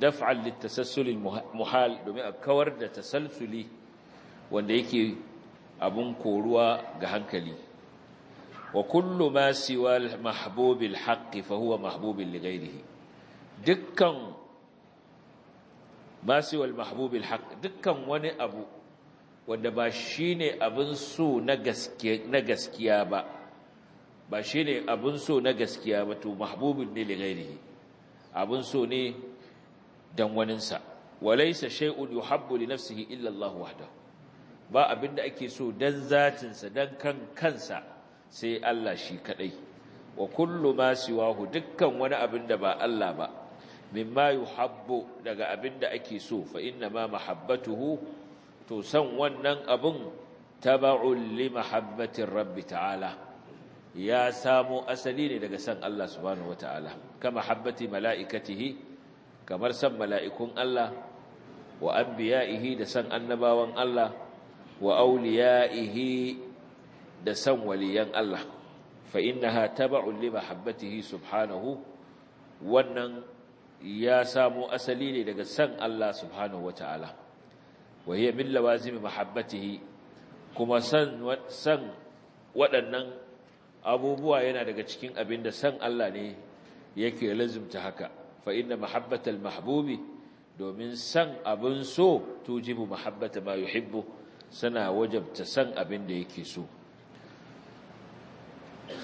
daf'an litasassul muhal domin a kawar da tasalsuli wanda yake abun koruwa ga hankali wa kullu ma siwa mahbubil haqqi fa huwa mahbubin li ghayrihi dukkan ma siwa mahbubil haqq dukkan wani abu wanda ba shine abin so na gaskiya na gaskiya ba ba shine abin so na gaskiya ba to mahbubin ne li ghayrihi abun so ne dan waninsa laysa shay'un yuhabbu li nafsihi illa Allah wahdahu ba abinda ake so dan zatinsa dan kan kansa sai Allah shi kadai wa kullu ma siwahu dukkan wani abinda ba Allah ba mimma yuhabbu daga abinda ake so fa inna ma mahabbatuhu to san wannan abun tabaul li mahabbatir rabbi ta'ala ya samo asali ne daga san Allah subhanahu wataala kama habbati malaikatihi kamar san mala'ikun Allah wa anbiya'ihi da san annabawan Allah wa auliya'ihi da san waliyan Allah fa ha tab'un li mahabbatihi subhanahu wannan ya samo asali ne daga san Allah subhanahu ta'ala, wa hiya min lawazim mahabbatihi kuma san san waɗannan abubuwa yana daga cikin abin da san Allah ne yake lazimta haka fa inna mahabbatal mahbubi domin san abin so tujibu mahabbata ma yuhibbu sana wajabta san abin da yake so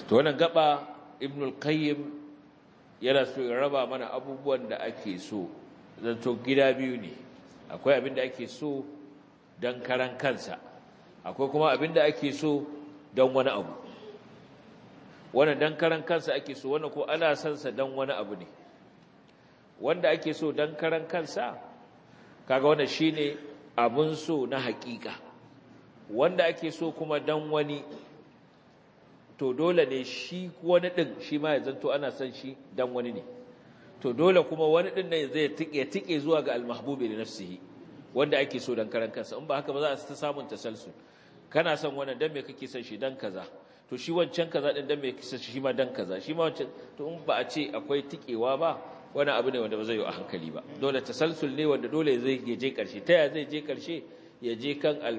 to wannan gaba ibnul qayyim yana so ya raba mana abubuwan da ake so zan to gida biyu ne akwai abin da ake so dan karan kansa akwai kuma abin da ake so dan wani abu wannan dan karan kansa ake so wannan ko ana sansa dan wani abu ne wanda ake so don karan kansa kaga shi shine abun so na hakika wanda ake so kuma dan wani to dole ne shi wani din shi ma ya zanto ana son shi dan wani ne to dole kuma wani din ne zai tike tike zuwa ga almahbubi da nafsihi wanda ake so don karan kansa in ba haka ba za a ta samun tasalsu kana son wani dan me kake son shi dan kaza to shi wancan kaza din dan me kake son shi ma dan kaza shi ma wancan to in ba a ce akwai tikewa ba wani abu ne wanda ba zai yi a hankali ba dole tasalsul ne wanda dole zai ya je karshe ta ya zai je karshe ya je kan al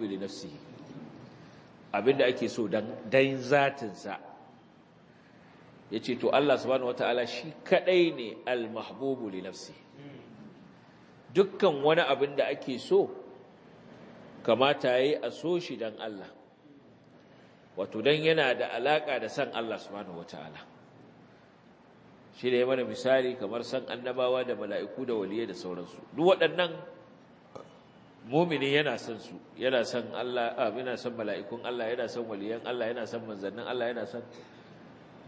li nafsihi abinda ake so dan dan zatin sa yace to Allah subhanahu wataala shi kadai ne al-mahbubu li dukkan wani abin da ake so kamata yayi a so shi dan Allah wato dan yana da alaka da san Allah subhanahu wataala shi ne mana misali kamar san annabawa da mala'iku da waliyai da sauransu duk waɗannan mumini yana son su yana son Allah ah, yana son mala'ikun Allah yana son waliyan Allah yana son manzannin Allah yana son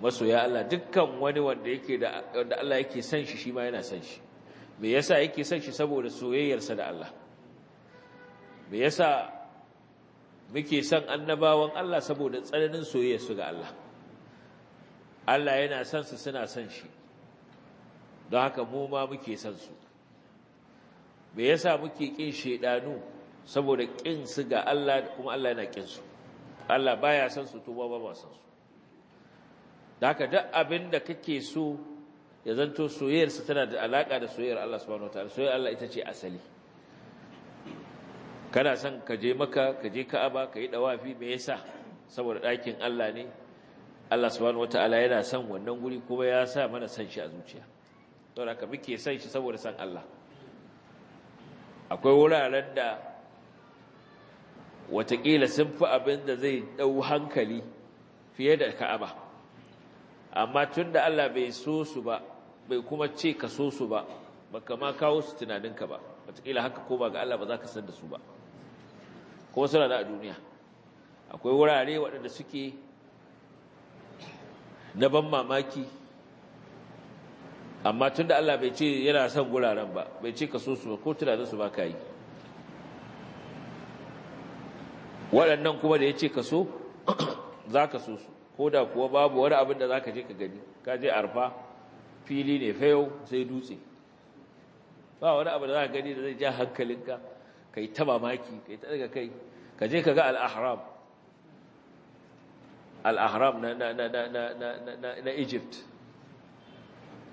masoya Allah dukkan wani wanda yake da Allah yake son shi shi ma yana son shi me yasa yake son shi saboda soyayyarsa da Allah me yasa muke son annabawan Allah saboda tsananin soyayyarsu ga Allah Allah yana son su suna son shi don haka mu ma muke son su me yasa muke kin shedanu saboda kin su ga Allah kuma Allah yana kin su Allah baya son su to ba ba son su da haka duk abin da kake so ya zanto soyayyar su tana da alaka da soyayyar Allah subhanahu wataala soyayyar Allah ita ce asali kana son ka je maka ka je Ka'aba ka yi dawafi me yasa saboda dakin Allah ne Allah subhanahu wataala yana son wannan guri kuma ya sa mana son shi a zuciya saboda ka muke san shi saboda san Allah akwai wuraren da watakila sun fi abin da zai ɗau hankali fiye da ka'aba amma tun da Allah bai so su ba bai kuma ce ka so su ba baka ma kawo su tunaninka ba watakila haka ko ba ga Allah ba za ka san da su ba kuma suna da a duniya akwai wurare waɗanda suke na ban mamaki amma tun da Allah bai ce yana son guraren ba bai ce ka so su ba ko tunanin su ba ka yi waɗannan kuma da ya ce ka so za ka so su ko da kuwa babu wani abin da za ka je ka gani ka je arfa fili ne fayo sai dutse ba wani abin da za ka gani da zai ja hankalinka ka yi ta mamaki ka yi ta daga kai ka je ka ga al'ahram al'ahram na egypt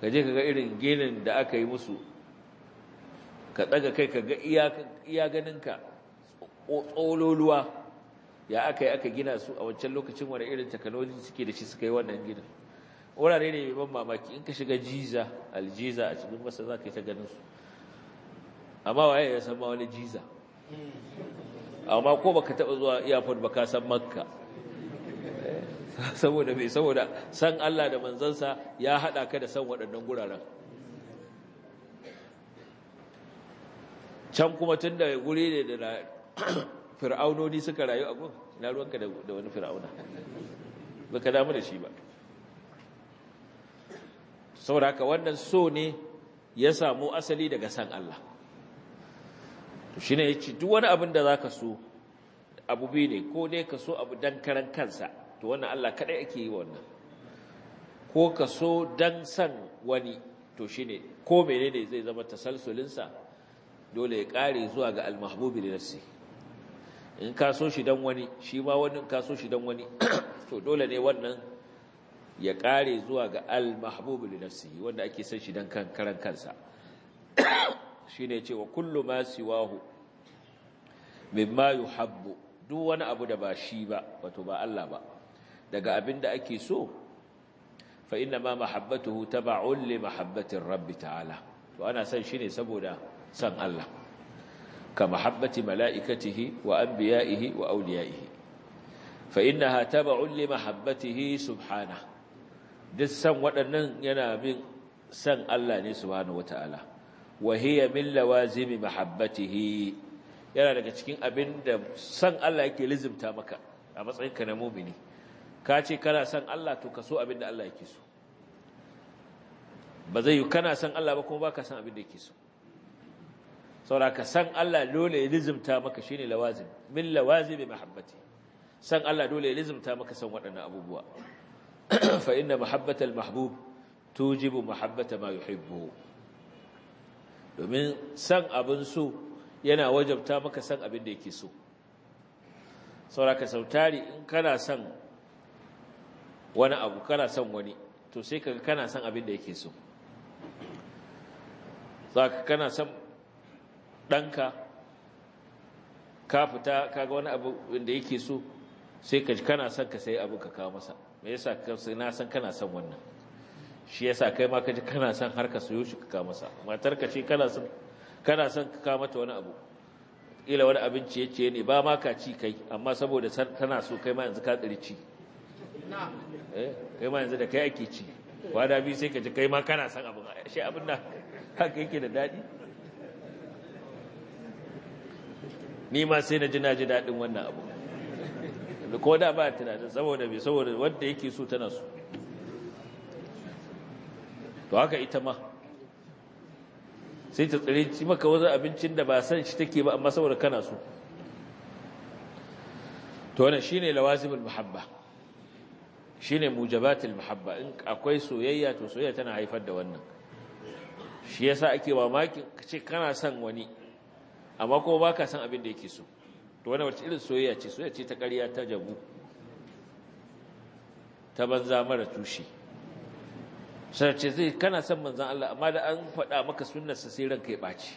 ka je ka ga irin ginin da aka yi musu ka tsaga kai ka ga iya ganinka tsololuwa ya aka yi aka gina su a wancan lokacin wani irin takanoji suke da shi suka yi wannan ginin wurare ne mai ban mamaki in ka shiga jiza aljiza a cikin masa za ka yi ta ganin amma waye ya san ma wani jiza amma ko baka taba zuwa airport ba ka san makka saboda mai saboda san Allah da manzansa ya hada ka da san waɗannan guraren can kuma tun da guri ne da fir'aunoni suka rayu a gun na ruwanka da wani fir'auna ba ka damu da shi ba saboda haka wannan so ne ya samu asali daga san Allah to ya yace duk wani abin da za ka so abu bi ne ko dai ka so abu don karan kansa to wannan Allah kadai ake yi wannan ko ka so dan san wani to shine ko menene zai zama tasalsulinsa dole ya kare zuwa ga almahbubi li nafsi in ka so shi dan wani shi ma wani ka so shi dan wani to dole ne wannan ya kare zuwa ga almahbubi li nafsi wanda ake son shi dan kan karan kansa shine wa kullu ma siwahu mimma yuhabbu duk wani abu da ba shi ba wato ba Allah ba daga abin da ake so fa inna ma mahabbatuhu tab'un li mahabbatir rabbi ta'ala to ana san shi ne saboda san Allah ka mahabbati mala'ikatihi wa anbiya'ihi wa awliya'ihi fa innaha tab'un li mahabbatihi subhana. duk san waɗannan yana bin san Allah ne subhanahu wata'ala wa hiya min lawazimi mahabbatihi yana daga cikin abin da san Allah yake lizimta maka a matsayinka na mu'mini ka ce kana son Allah to ka so abin da Allah yake so ba zai yi kana son Allah ba kuma ba ka son abin da yake so saura ka san Allah dole ya lizimta maka shine lawazim min lawazim mahabbati san Allah dole ya lizimta maka san waɗannan abubuwa fa inna mahabbata almahbub tujibu mahabbata ma yuhibbu domin san abin so yana wajabta maka san abin da yake so saura ka sautari in kana son wani abu kana son wani to sai kaga kana son abin da yake so zaka kana son ɗanka ka fita kaga wani abu da yake so sai ka kana son ka sai abu ka kawo masa me yasa ka sai na san kana son wannan shi yasa kai ma ka ji kana son har ka soyo shi ka kawo masa matar ka ce kana son kana son ka kawo mata wani abu ila wani abinci yace ne ba ma ka ci kai amma saboda tana so kai ma yanzu ka tsiri ci Eh, kai ma yanzu da kai ake ci da biyu sai ka ji kai ma kana san abin shi abin na haka yake da daɗi ni ma sai na ji na ji daɗin wannan abu ko da ba tunanin saboda bai saboda wanda yake so tana so to haka ita ma sai ta tsare ci maka wani abincin da ba san shi take ba amma saboda kana so to wannan shine lawazimul muhabba ne mujabatul muhabba in akwai soyayya to soyayya tana haifar da wannan shi yasa ake mamaki ce kana son wani amma kuma ka son abin da yake so to wannan wacce irin soyayya ce soyayya ce ta ƙarya ta jabu ta banza mara tushe sai ce zai kana son manzan Allah amma da an faɗa maka sunnarsa sai ranka ya ɓaci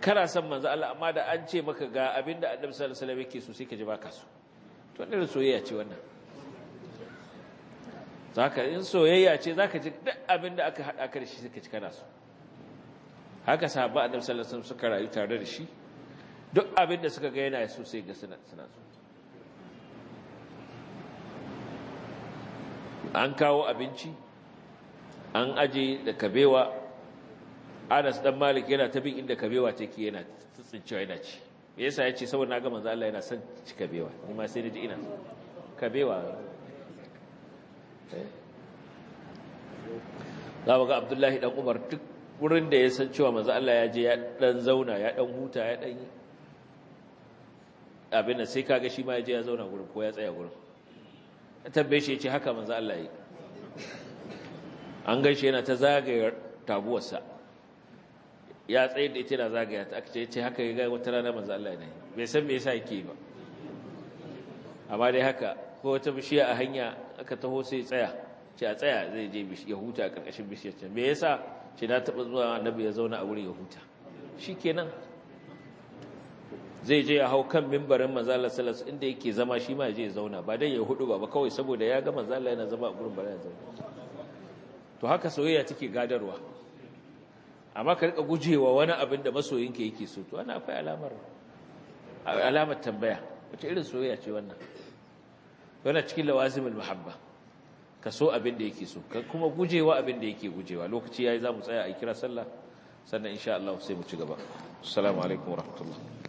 kana son manzan Allah amma da an ce maka ga abin da Annabi sallallahu alaihi wasallam yake so sai ka ji ba ka so to irin soyayya ce wannan zaka in soyayya ce zaka ji duk abin da aka hada ka da shi suka ci kana so haka sahaba annabi sallallahu alaihi wasallam suka rayu tare da shi duk abin da suka ga yana so sai ga suna suna so an kawo abinci an aje da kabewa Anas dan Malik yana ta bin inda kabewa take yana tsincewa yana ci me yasa yace saboda na gama manzo Allah yana son ci kabewa ma sai ji ina kabewa za mu ga abdullahi ɗan umar duk wurin da ya san cewa maza Allah ya je ya ɗan zauna ya ɗan huta ya ɗan abin da sai kaga shi ma ya je ya zauna wurin ko ya tsaya wurin ya tambaye shi ya ce haka maza Allah yi an gaishe yana ta zagayar taguwarsa ya tsaye da ita na zagaya ta aka ce haka ya gaya wata rana maza Allah ne bai san me yasa yake ba amma dai haka ko wata bishiya a hanya aka taho sai tsaya ce a tsaya zai je ya huta a ƙarƙashin bishiyar can me yasa ce na taɓa zuwa annabi ya zauna a wurin ya huta Shi kenan zai je ya hau kan mimbarin manzala salas inda yake zama shi ma je zauna ba dai ya hudu ba ba kawai saboda ya ga manzala yana zama a gurin bara ya zauna to haka soyayya take gadarwa amma ka rika gujewa wani abin da masoyinka yake so to ana akwai alamar alamar tambaya wace irin soyayya ce wannan yana cikin lawazimul muhabba ka so abin da yake so ka kuma gujewa abin da yake gujewa lokaci yayi zamu tsaya a kira sallah sannan insha Allah sai mu ci gaba assalamu alaikum warahmatullahi